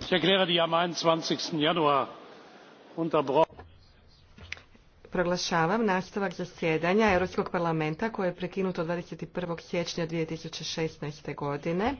ich erkläre die am. einundzwanzig januar proglašavam nastavak zasjedanja europskog parlamenta koje je prekinuto. 21. siječnja. 2016. godine.